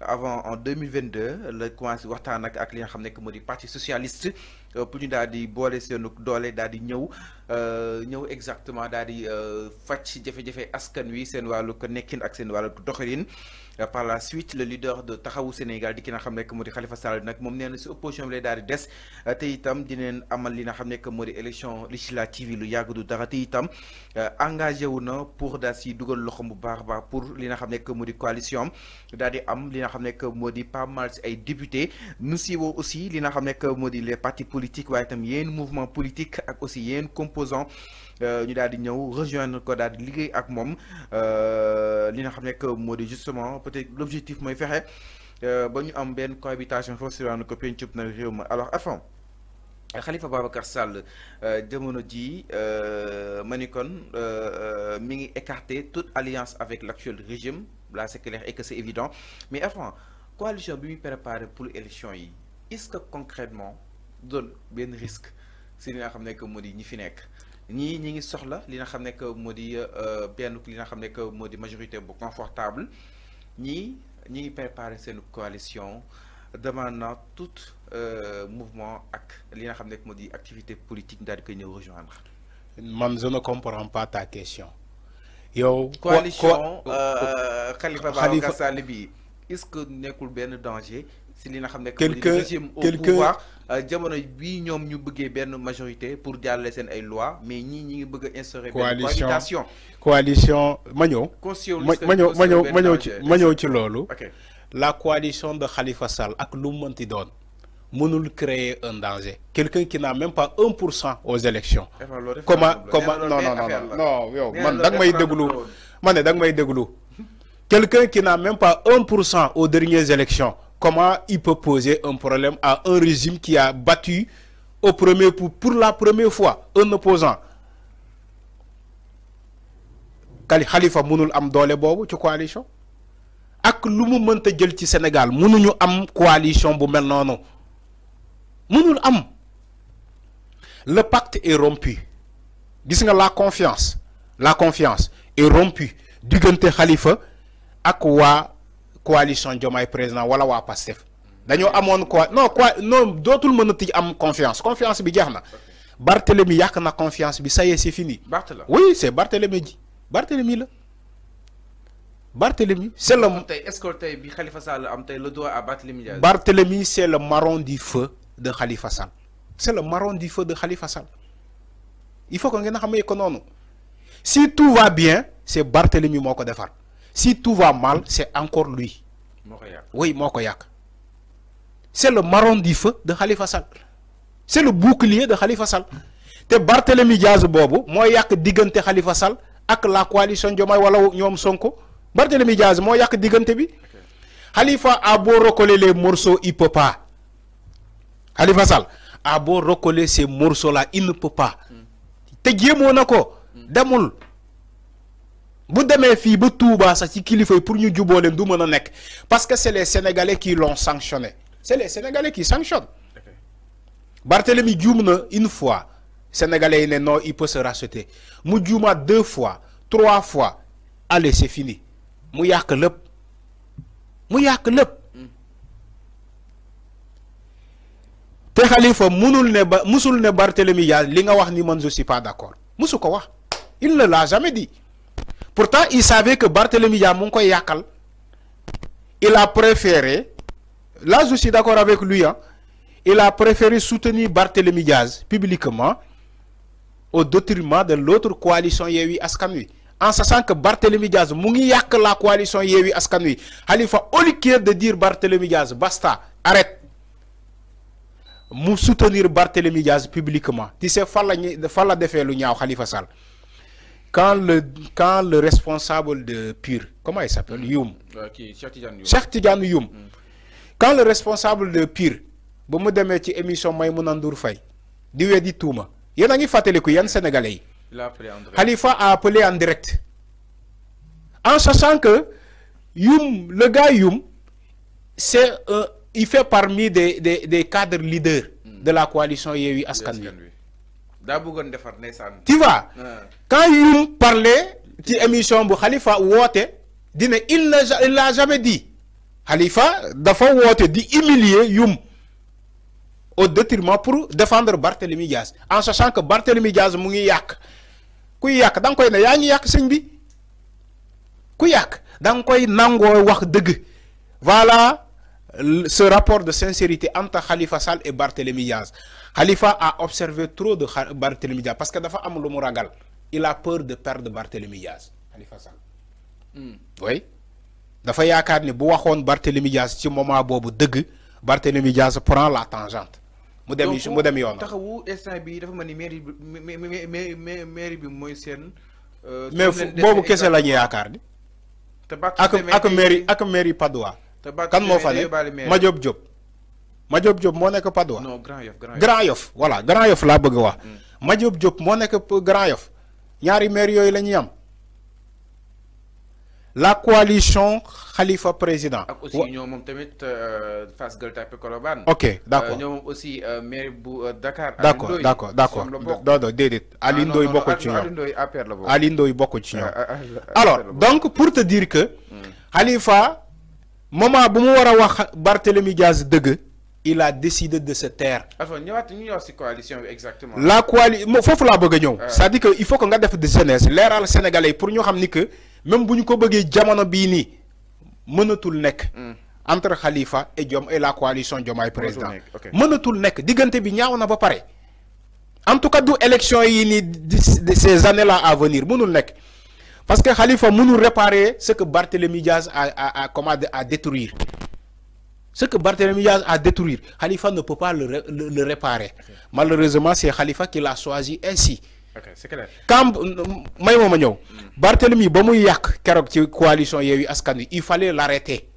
avant en 2022 le coin de ak ak li nga xam ne parti socialiste euh, pour ñu daal di boole seen doole daal di ñëw euh, ñëw exactement daal di euh, faj jafe-jafe askan wi seen wàllu ko nekkin ak seen wàllu doxalin par la suite le leader de taxawu Sénégal di ki nga xam nekk moo di Khalifa Sall nag moom nee na opposition lay daal di des te itam dineen amal li nga xam nekk moo élection législative lu yàgg du dara itam engagé wu na pour dassi si barba bu baax baax pour li comme des coalitions moo coalition daal di am li nga xam pas mal et ay député si vous aussi li nga maudit les partis politiques politique waaye tam yéen mouvement politique ak aussi yéen composant euh, ñu daal di ñëw rejoindre ko daal di ak mom euh li nga xamné que modi justement peut-être l'objectif fexé euh ba ñu am ben cohabitation forcément si ko pencub na réew alors afan Khalifa Babacar Sall euh, jamono jii euh, ma ni euh mi ngi écarter toute alliance avec l'actuel régime là c'est clair et que c'est évident mais avant coalition bi muy préparé pour l'élection yi est-ce que concrètement bien un risque si nous nga des ne euh, majorité confortable ni préparer coalition demandant tout euh, mouvement ak li nga activité politique d'aller rejoindre. je ne comprends pas ta question. Yo coalition euh, Khalifa Khalifa est-ce que bien le danger quelques li euh, jamono bii ñoom ñu bëggee benn majorité pour jàllale sen ay loi mais ñi ñi ngi bëgg instaurer benn coalition coalition ma ñëw ma ñëw ma ci ma la coalition de Khalifa Sall ak lu mu mënti doon mënul créer un danger quelqu'un qui n'a même pas 1% aux élections comment comment non non non non yow man dag may déglu man ne da may déglu quelqu'un qui n'a même pas 1% aux dernières élections comment il peut poser un problème à un régime qui a battu au premier pour, pour la première fois un opposant Khalifa mënul am Dole boobu ci coalition ak lu mu mënta jël ci Sénégal mënuñu am coalition bu mel noonu mënul am le pacte est rompu gis la confiance la confiance est rompue diggante Khalifa ak wa coalition Diomaye président wala wa PASTEF dañoo amone quoi non quoi non le monde a am confiance confiance bi jehna Barthélémy Barthélemy yàq confiance bi ça y est c'est fini. oui c'est Barthélemy ji Barthélemy Barthélemy c'est le. le doigt à Barthélemy c'est le marron du feu de Khalifa Sall c'est le marron du feu de Khalifa Sall il faut que ngeen xamé ko si tout va bien c'est Barthélemy Moko défar si tout va mal, c'est encore lui. Oui, Mokoyak. C'est le marron du feu de Khalifa Sal. C'est le bouclier de Khalifa Sal. te Barthélemy Diaz Bobo. moo yak digante Khalifa Sall ak la coalition de wala ñoom Sonko Barthélemy Diaz moo yak digante bi Khalifa a beau recoller les morceaux il ne peut pas Khalifa Sal a beau recoller ces morceaux là il ne peut pas hmm. te jéemoon monaco ko hmm bu demee fii ba Touba sax ci kilifa pour ñu juboo du parce que c'est les sénégalais qui l'ont sanctionné C'est les sénégalais qui sanctionnent Barthélemy juum une fois sénégalais non il peut se racheter mu deux fois trois fois allez c'est fini mu yàq lépp mu yàq lépp te Khalifa munul ne Barthélemy yaa li ni pas d'accord, il ne l'a jamais dit pourtant il savait que Barthélemy Diaz il a préféré là je suis d'accord avec lui hein, il a préféré soutenir Barthélemy Diaz publiquement au détriment de l'autre coalition yéwi Askanui. en sachant que Barthélemy Diaz Mungi Yak la coalition yéwi Khalifa a Khalifa au lieu de dire Barthélemy Diaz basta arrête M'ou soutenir Barthélemy Diaz publiquement Tu sais fan la ñuy Khalifa Sal quand le, quand le responsable de Pure, comment il s'appelle hmm. euh, Youm. Cheikh Tidiane Youm. Hmm. Quand le responsable de PUR, ba me demee ci émission Maïmouna Ndour Faye di weddi Il y a y a un sénégalais yi. Khalifa a appelé en direct. En sachant que Youm, le gars Yum, c'est euh, il fait parmi des, des, des cadres leaders hmm. de la coalition Yewi Askan. Tu vois quand il parlait ci émission de Khalifa il ne l'a jamais dit Khalifa dafa ouate dit humilier Youm au détriment pour défendre Barthélemy Yaz, en sachant que Barthélemy Diaz est un kuy yak? un homme. koy ne un ngi Il bi voilà ce rapport de sincérité entre Khalifa Sall et Barthélemy Yaz. Khalifa a observé trop de Barthélemy Diaz parce que dafa am lu il a peur de perdre Barthélemy Diaz. Khalifa Sall. Hmm. oui dafa yakar ni bu waxone Barthélemy Diaz ci moment de deug Barthélemy Diaz prend la tangente. mu dem mu instant bi dafa mairie mais bobu kessé la yakar ni. ak mairie ak mairie Padoa. kan mo fa Madiop job Madiop job mo nek Padoa. Grand Yoff voilà Grand Yoff la bëgg hmm. Madiop job mo nek Grand Yoff ñaari maire yooyu la ñuy am la coalition Khalifa président. ak aussi ñoom moom tamit euh, Fass Gueule Tapée Colobane. ok d' accord euh, ñoom aussi euh, maire bu Dakar. d' accord d' accord d' accord non non déedéet. Ah, Alioune Ndoye bokkul ci ñoom Alioune Ndoye bokku ci ñoom. alors donc pour te dire que. Hmm. Khalifa moment bu mu war a wax Barthélemy Diaz dëgg il a décidé de se taire. coalition exactement. la coalition euh. il faut bëgg a Ça dit à que faut qu'on nga des de jeunesse sénégalais pour nous ramener que même bu ñu ko bëggee jamono bii nii mënatul nek hmm. entre Khalifa et Diom et la coalition Diomaye président. mënatul nek diggante bi ñaaw na ba pare. en tout cas du élection yi de ces années là à venir mënul nek parce que Khalifa nous réparer ce que Barthélémy Diaz a a a à détruire. Ce que Barthélemy a détruit, Khalifa ne peut pas le, réparer. Malheureusement, c'est Khalifa qui l'a choisi ainsi. clair. Quand euh, Barthélemy, coalition, il fallait l'arrêter.